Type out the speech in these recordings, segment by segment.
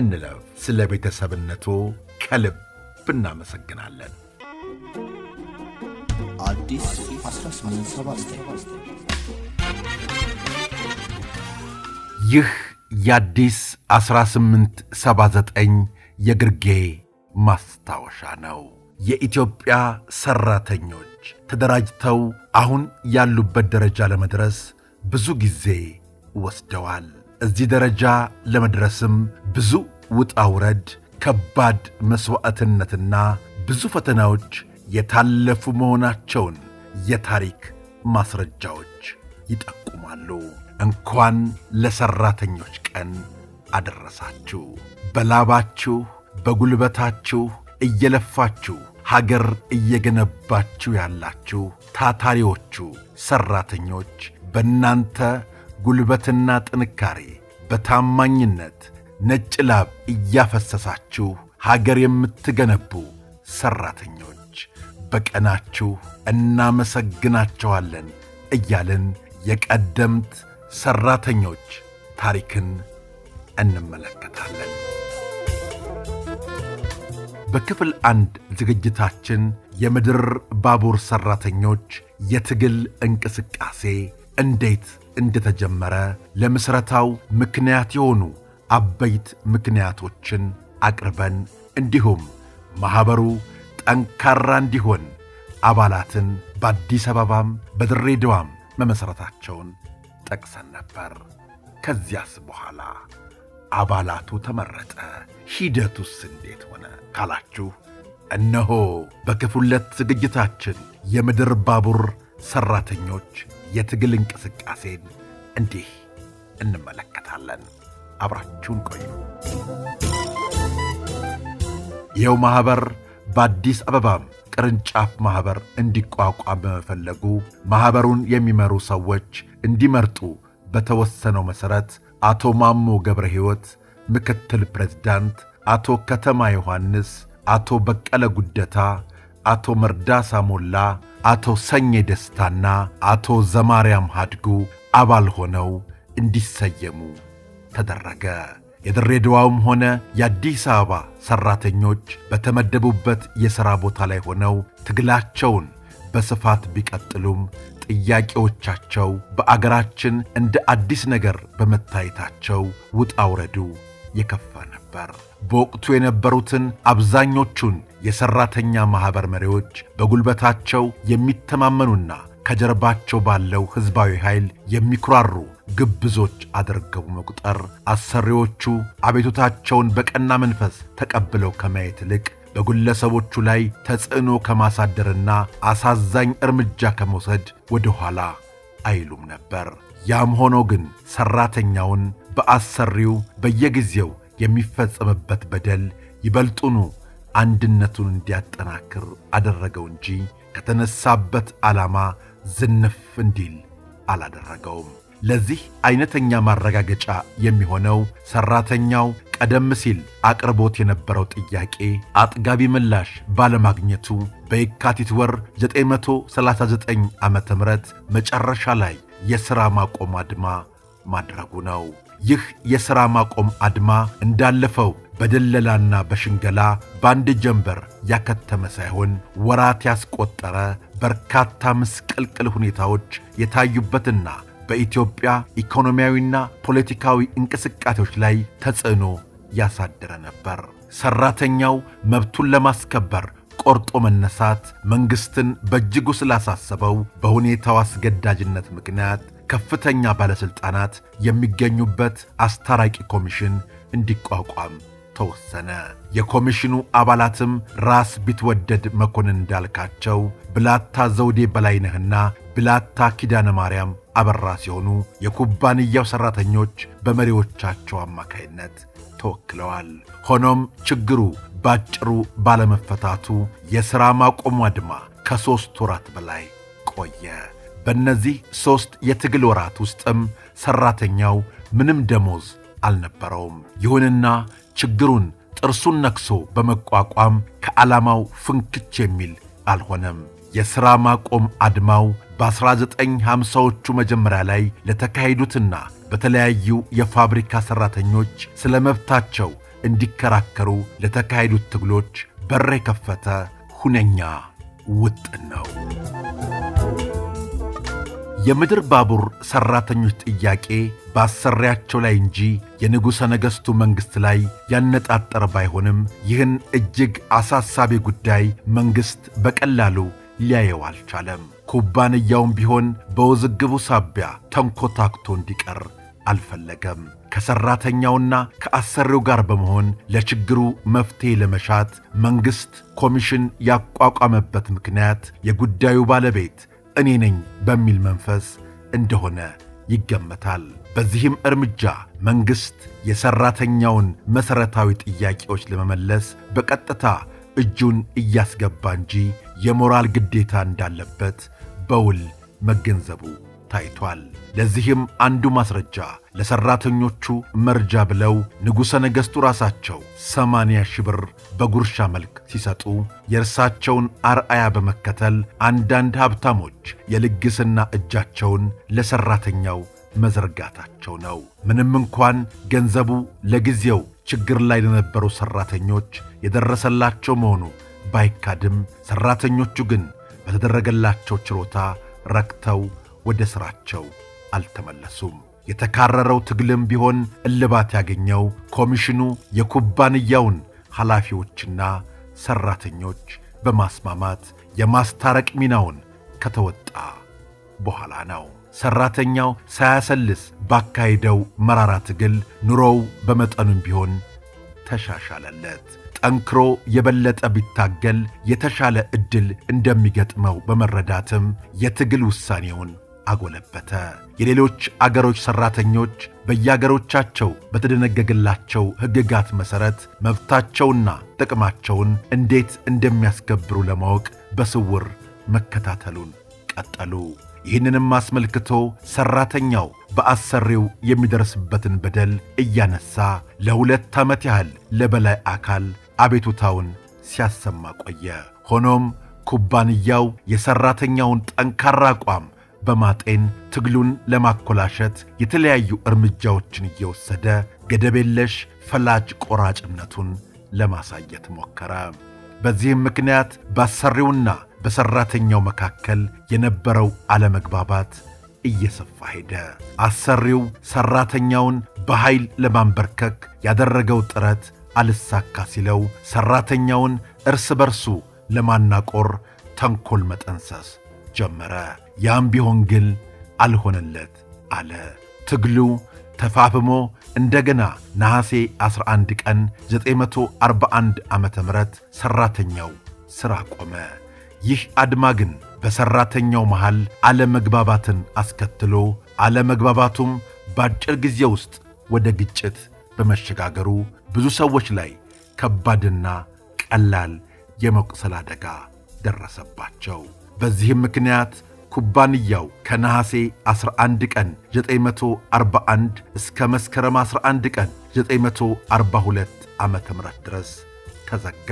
እንለፍ። ስለ ቤተሰብነቱ ከልብ እናመሰግናለን። ይህ የአዲስ 1879 የግርጌ ማስታወሻ ነው። የኢትዮጵያ ሠራተኞች ተደራጅተው አሁን ያሉበት ደረጃ ለመድረስ ብዙ ጊዜ ወስደዋል። እዚህ ደረጃ ለመድረስም ብዙ ውጣ ውረድ፣ ከባድ መሥዋዕትነትና ብዙ ፈተናዎች የታለፉ መሆናቸውን የታሪክ ማስረጃዎች ይጠቁማሉ። እንኳን ለሠራተኞች ቀን አደረሳችሁ። በላባችሁ በጉልበታችሁ እየለፋችሁ ሀገር እየገነባችሁ ያላችሁ ታታሪዎቹ ሠራተኞች በእናንተ ጉልበትና ጥንካሬ በታማኝነት ነጭ ላብ እያፈሰሳችሁ ሀገር የምትገነቡ ሠራተኞች በቀናችሁ እናመሰግናችኋለን እያልን የቀደምት ሠራተኞች ታሪክን እንመለከታለን። በክፍል አንድ ዝግጅታችን የምድር ባቡር ሠራተኞች የትግል እንቅስቃሴ እንዴት እንደተጀመረ ለምስረታው ምክንያት የሆኑ አበይት ምክንያቶችን አቅርበን እንዲሁም ማኅበሩ ጠንካራ እንዲሆን አባላትን በአዲስ አበባም በድሬዳዋም መመሠረታቸውን ጠቅሰን ነበር። ከዚያስ በኋላ አባላቱ ተመረጠ። ሂደቱስ እንዴት ሆነ ካላችሁ እነሆ በክፍል ዝግጅታችን የምድር ባቡር ሠራተኞች የትግል እንቅስቃሴን እንዲህ እንመለከታለን። አብራችሁን ቆዩ። ይኸው ማኅበር በአዲስ አበባም ቅርንጫፍ ማኅበር እንዲቋቋም በመፈለጉ ማኅበሩን የሚመሩ ሰዎች እንዲመርጡ በተወሰነው መሠረት አቶ ማሞ ገብረ ሕይወት ምክትል ፕሬዝዳንት፣ አቶ ከተማ ዮሐንስ፣ አቶ በቀለ ጉደታ አቶ መርዳሳ ሞላ፣ አቶ ሰኜ ደስታና አቶ ዘማርያም ሃድጉ አባል ሆነው እንዲሰየሙ ተደረገ። የድሬዳዋውም ሆነ የአዲስ አበባ ሠራተኞች በተመደቡበት የሥራ ቦታ ላይ ሆነው ትግላቸውን በስፋት ቢቀጥሉም ጥያቄዎቻቸው በአገራችን እንደ አዲስ ነገር በመታየታቸው ውጣ ውረዱ የከፋ ነበር። ነበር። በወቅቱ የነበሩትን አብዛኞቹን የሠራተኛ ማኅበር መሪዎች በጉልበታቸው የሚተማመኑና ከጀርባቸው ባለው ሕዝባዊ ኃይል የሚኩራሩ ግብዞች አድርገው መቁጠር አሰሪዎቹ አቤቱታቸውን በቀና መንፈስ ተቀብለው ከማየት ይልቅ በግለሰቦቹ ላይ ተጽዕኖ ከማሳደርና አሳዛኝ እርምጃ ከመውሰድ ወደ ኋላ አይሉም ነበር። ያም ሆኖ ግን ሠራተኛውን በአሰሪው በየጊዜው የሚፈጸምበት በደል ይበልጡኑ አንድነቱን እንዲያጠናክር አደረገው እንጂ ከተነሳበት ዓላማ ዝንፍ እንዲል አላደረገውም። ለዚህ አይነተኛ ማረጋገጫ የሚሆነው ሠራተኛው ቀደም ሲል አቅርቦት የነበረው ጥያቄ አጥጋቢ ምላሽ ባለማግኘቱ በየካቲት ወር 939 ዓ ም መጨረሻ ላይ የሥራ ማቆም አድማ ማድረጉ ነው። ይህ የሥራ ማቆም አድማ እንዳለፈው በደለላና በሽንገላ በአንድ ጀንበር ያከተመ ሳይሆን ወራት ያስቆጠረ በርካታ ምስቅልቅል ሁኔታዎች የታዩበትና በኢትዮጵያ ኢኮኖሚያዊና ፖለቲካዊ እንቅስቃሴዎች ላይ ተጽዕኖ ያሳደረ ነበር። ሠራተኛው መብቱን ለማስከበር ቆርጦ መነሳት መንግሥትን በእጅጉ ስላሳሰበው በሁኔታው አስገዳጅነት ምክንያት ከፍተኛ ባለሥልጣናት የሚገኙበት አስታራቂ ኮሚሽን እንዲቋቋም ተወሰነ። የኮሚሽኑ አባላትም ራስ ቢትወደድ መኮንን እንዳልካቸው፣ ብላታ ዘውዴ በላይነህና ብላታ ኪዳነ ማርያም አበራ ሲሆኑ የኩባንያው ሠራተኞች በመሪዎቻቸው አማካይነት ተወክለዋል። ሆኖም ችግሩ ባጭሩ ባለመፈታቱ የሥራ ማቆም አድማ ከሦስት ወራት በላይ ቆየ። በእነዚህ ሦስት የትግል ወራት ውስጥም ሠራተኛው ምንም ደሞዝ አልነበረውም። ይሁንና ችግሩን ጥርሱን ነክሶ በመቋቋም ከዓላማው ፍንክች የሚል አልሆነም። የሥራ ማቆም አድማው በ1950ዎቹ መጀመሪያ ላይ ለተካሄዱትና በተለያዩ የፋብሪካ ሠራተኞች ስለ መብታቸው እንዲከራከሩ ለተካሄዱት ትግሎች በር የከፈተ ሁነኛ ውጥን ነው። የምድር ባቡር ሠራተኞች ጥያቄ በአሰሪያቸው ላይ እንጂ የንጉሠ ነገሥቱ መንግሥት ላይ ያነጣጠረ ባይሆንም ይህን እጅግ አሳሳቢ ጉዳይ መንግሥት በቀላሉ ሊያየው አልቻለም። ኩባንያውም ቢሆን በውዝግቡ ሳቢያ ተንኮታክቶ እንዲቀር አልፈለገም። ከሠራተኛውና ከአሰሪው ጋር በመሆን ለችግሩ መፍትሔ ለመሻት መንግሥት ኮሚሽን ያቋቋመበት ምክንያት የጉዳዩ ባለቤት እኔ ነኝ በሚል መንፈስ እንደሆነ ይገመታል። በዚህም እርምጃ መንግሥት የሠራተኛውን መሠረታዊ ጥያቄዎች ለመመለስ በቀጥታ እጁን እያስገባ እንጂ የሞራል ግዴታ እንዳለበት በውል መገንዘቡ ታይቷል። ለዚህም አንዱ ማስረጃ ለሠራተኞቹ መርጃ ብለው ንጉሠ ነገሥቱ ራሳቸው ሰማንያ ሺህ ብር በጉርሻ መልክ ሲሰጡ የእርሳቸውን አርአያ በመከተል አንዳንድ ሀብታሞች የልግስና እጃቸውን ለሠራተኛው መዘርጋታቸው ነው። ምንም እንኳን ገንዘቡ ለጊዜው ችግር ላይ ለነበሩ ሠራተኞች የደረሰላቸው መሆኑ ባይካድም፣ ሠራተኞቹ ግን በተደረገላቸው ችሮታ ረክተው ወደ ሥራቸው አልተመለሱም። የተካረረው ትግልም ቢሆን እልባት ያገኘው ኮሚሽኑ የኩባንያውን ኃላፊዎችና ሠራተኞች በማስማማት የማስታረቅ ሚናውን ከተወጣ በኋላ ነው። ሠራተኛው ሳያሰልስ ባካሄደው መራራ ትግል ኑሮው በመጠኑም ቢሆን ተሻሻለለት። ጠንክሮ የበለጠ ቢታገል የተሻለ ዕድል እንደሚገጥመው በመረዳትም የትግል ውሳኔውን አጎለበተ። የሌሎች አገሮች ሠራተኞች በየአገሮቻቸው በተደነገገላቸው ሕግጋት መሠረት መብታቸውና ጥቅማቸውን እንዴት እንደሚያስከብሩ ለማወቅ በስውር መከታተሉን ቀጠሉ። ይህንንም አስመልክቶ ሠራተኛው በአሰሪው የሚደርስበትን በደል እያነሳ ለሁለት ዓመት ያህል ለበላይ አካል አቤቱታውን ሲያሰማ ቆየ። ሆኖም ኩባንያው የሠራተኛውን ጠንካራ አቋም በማጤን ትግሉን ለማኮላሸት የተለያዩ እርምጃዎችን እየወሰደ ገደብ የለሽ ፈላጭ ቆራጭነቱን ለማሳየት ሞከረ። በዚህም ምክንያት ባሰሪውና በሠራተኛው መካከል የነበረው አለመግባባት እየሰፋ ሄደ። አሰሪው ሠራተኛውን በኃይል ለማንበርከክ ያደረገው ጥረት አልሳካ ሲለው ሠራተኛውን እርስ በርሱ ለማናቆር ተንኮል መጠንሰስ ጀመረ። ያም ቢሆን ግን አልሆነለት አለ። ትግሉ ተፋፍሞ እንደገና ነሐሴ 11 ቀን 941 ዓ ም ሠራተኛው ሥራ ቆመ። ይህ አድማ ግን በሠራተኛው መሃል አለመግባባትን አስከትሎ አለመግባባቱም በአጭር ጊዜ ውስጥ ወደ ግጭት በመሸጋገሩ ብዙ ሰዎች ላይ ከባድና ቀላል የመቁሰል አደጋ ደረሰባቸው። በዚህም ምክንያት ኩባንያው ከነሐሴ 11 ቀን 941 እስከ መስከረም 11 ቀን 942 ዓ ም ድረስ ተዘጋ።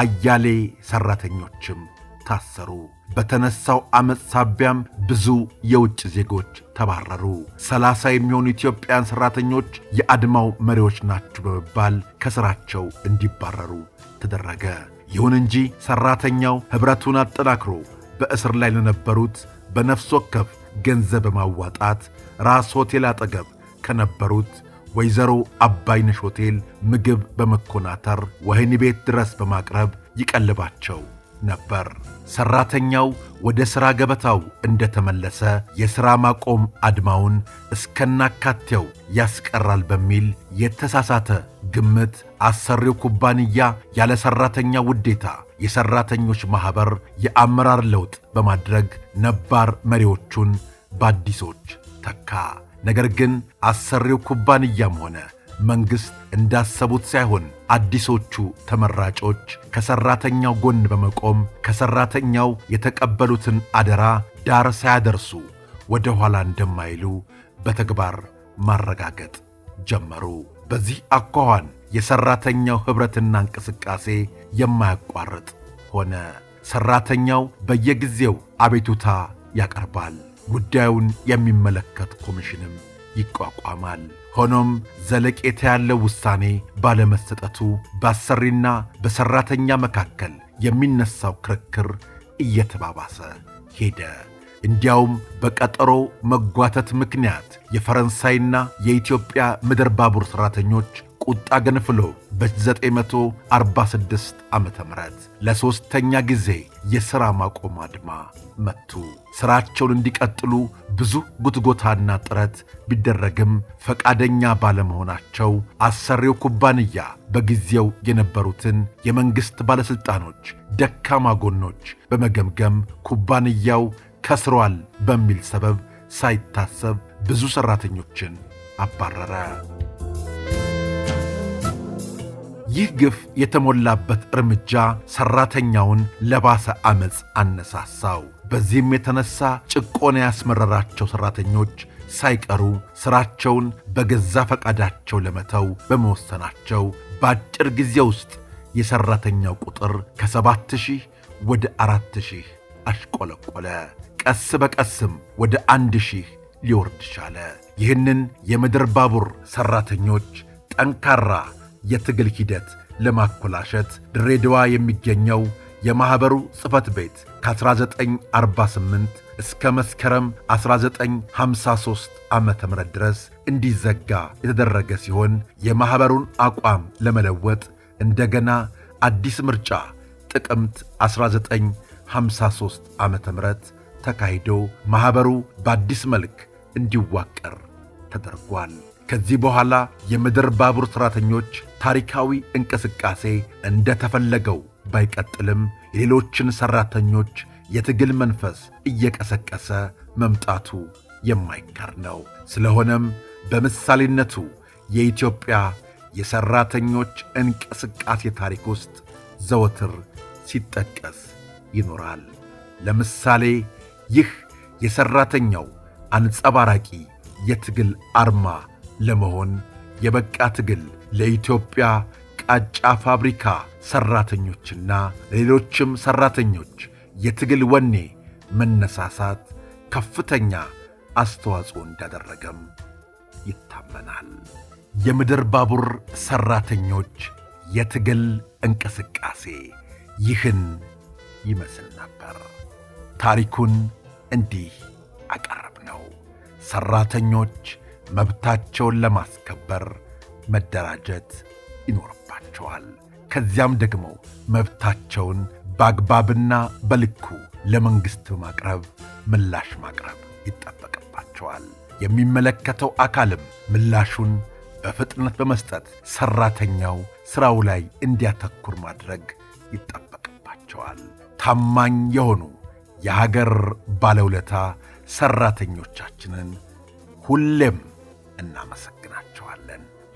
አያሌ ሠራተኞችም ታሰሩ። በተነሳው ዓመፅ ሳቢያም ብዙ የውጭ ዜጎች ተባረሩ። ሰላሳ የሚሆኑ ኢትዮጵያውያን ሠራተኞች የአድማው መሪዎች ናችሁ በመባል ከሥራቸው እንዲባረሩ ተደረገ። ይሁን እንጂ ሠራተኛው ኅብረቱን አጠናክሮ በእስር ላይ ለነበሩት በነፍስ ወከፍ ገንዘብ በማዋጣት ራስ ሆቴል አጠገብ ከነበሩት ወይዘሮ አባይነሽ ሆቴል ምግብ በመኮናተር ወህኒ ቤት ድረስ በማቅረብ ይቀልባቸው ነበር። ሠራተኛው ወደ ሥራ ገበታው እንደተመለሰ የሥራ ማቆም አድማውን እስከናካቴው ያስቀራል በሚል የተሳሳተ ግምት አሰሪው ኩባንያ ያለ ሠራተኛ ውዴታ የሰራተኞች ማኅበር የአመራር ለውጥ በማድረግ ነባር መሪዎቹን በአዲሶች ተካ። ነገር ግን አሰሪው ኩባንያም ሆነ መንግሥት እንዳሰቡት ሳይሆን አዲሶቹ ተመራጮች ከሠራተኛው ጎን በመቆም ከሠራተኛው የተቀበሉትን አደራ ዳር ሳያደርሱ ወደ ኋላ እንደማይሉ በተግባር ማረጋገጥ ጀመሩ። በዚህ አኳኋን የሠራተኛው ኅብረትና እንቅስቃሴ የማያቋርጥ ሆነ። ሠራተኛው በየጊዜው አቤቱታ ያቀርባል። ጉዳዩን የሚመለከት ኮሚሽንም ይቋቋማል። ሆኖም ዘለቄታ ያለው ውሳኔ ባለመሰጠቱ በአሰሪና በሠራተኛ መካከል የሚነሳው ክርክር እየተባባሰ ሄደ። እንዲያውም በቀጠሮ መጓተት ምክንያት የፈረንሳይና የኢትዮጵያ ምድር ባቡር ሠራተኞች ቁጣ ገንፍሎ በ946 ዓ ም ለሦስተኛ ጊዜ የሥራ ማቆም አድማ መቱ። ሥራቸውን እንዲቀጥሉ ብዙ ጉትጎታና ጥረት ቢደረግም ፈቃደኛ ባለመሆናቸው አሰሪው ኩባንያ በጊዜው የነበሩትን የመንግሥት ባለሥልጣኖች ደካማ ጎኖች በመገምገም ኩባንያው ከስሯል በሚል ሰበብ ሳይታሰብ ብዙ ሠራተኞችን አባረረ። ይህ ግፍ የተሞላበት እርምጃ ሠራተኛውን ለባሰ ዐመፅ አነሳሳው። በዚህም የተነሳ ጭቆና ያስመረራቸው ሠራተኞች ሳይቀሩ ሥራቸውን በገዛ ፈቃዳቸው ለመተው በመወሰናቸው በአጭር ጊዜ ውስጥ የሠራተኛው ቁጥር ከሰባት ሺህ ወደ አራት ሺህ አሽቆለቆለ። ቀስ በቀስም ወደ አንድ ሺህ ሊወርድ ቻለ። ይህንን የምድር ባቡር ሠራተኞች ጠንካራ የትግል ሂደት ለማኮላሸት ድሬድዋ የሚገኘው የማኅበሩ ጽሕፈት ቤት ከ1948 እስከ መስከረም 1953 ዓ ም ድረስ እንዲዘጋ የተደረገ ሲሆን የማኅበሩን አቋም ለመለወጥ እንደገና አዲስ ምርጫ ጥቅምት 1953 ዓ ም ተካሂዶ ማኅበሩ በአዲስ መልክ እንዲዋቀር ተደርጓል። ከዚህ በኋላ የምድር ባቡር ሠራተኞች ታሪካዊ እንቅስቃሴ እንደተፈለገው ባይቀጥልም የሌሎችን ሠራተኞች የትግል መንፈስ እየቀሰቀሰ መምጣቱ የማይከር ነው። ስለሆነም በምሳሌነቱ የኢትዮጵያ የሠራተኞች እንቅስቃሴ ታሪክ ውስጥ ዘወትር ሲጠቀስ ይኖራል። ለምሳሌ ይህ የሠራተኛው አንጸባራቂ የትግል አርማ ለመሆን የበቃ ትግል ለኢትዮጵያ ቃጫ ፋብሪካ ሠራተኞችና ሌሎችም ሠራተኞች የትግል ወኔ መነሳሳት ከፍተኛ አስተዋጽኦ እንዳደረገም ይታመናል። የምድር ባቡር ሠራተኞች የትግል እንቅስቃሴ ይህን ይመስል ነበር። ታሪኩን እንዲህ አቀረብ ነው። ሠራተኞች መብታቸውን ለማስከበር መደራጀት ይኖርባቸዋል። ከዚያም ደግሞ መብታቸውን በአግባብና በልኩ ለመንግሥት ማቅረብ፣ ምላሽ ማቅረብ ይጠበቅባቸዋል። የሚመለከተው አካልም ምላሹን በፍጥነት በመስጠት ሠራተኛው ሥራው ላይ እንዲያተኩር ማድረግ ይጠበቅባቸዋል። ታማኝ የሆኑ የሀገር ባለውለታ ሠራተኞቻችንን ሁሌም እናመሰግ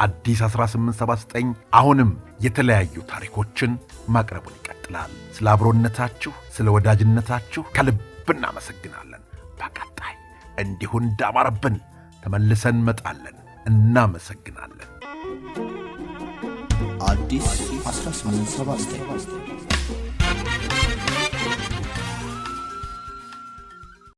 አዲስ 1879 አሁንም የተለያዩ ታሪኮችን ማቅረቡን ይቀጥላል። ስለ አብሮነታችሁ፣ ስለ ወዳጅነታችሁ ከልብ እናመሰግናለን። በቀጣይ እንዲሁ እንዳማረብን ተመልሰን መጣለን። እናመሰግናለን። አዲስ 1879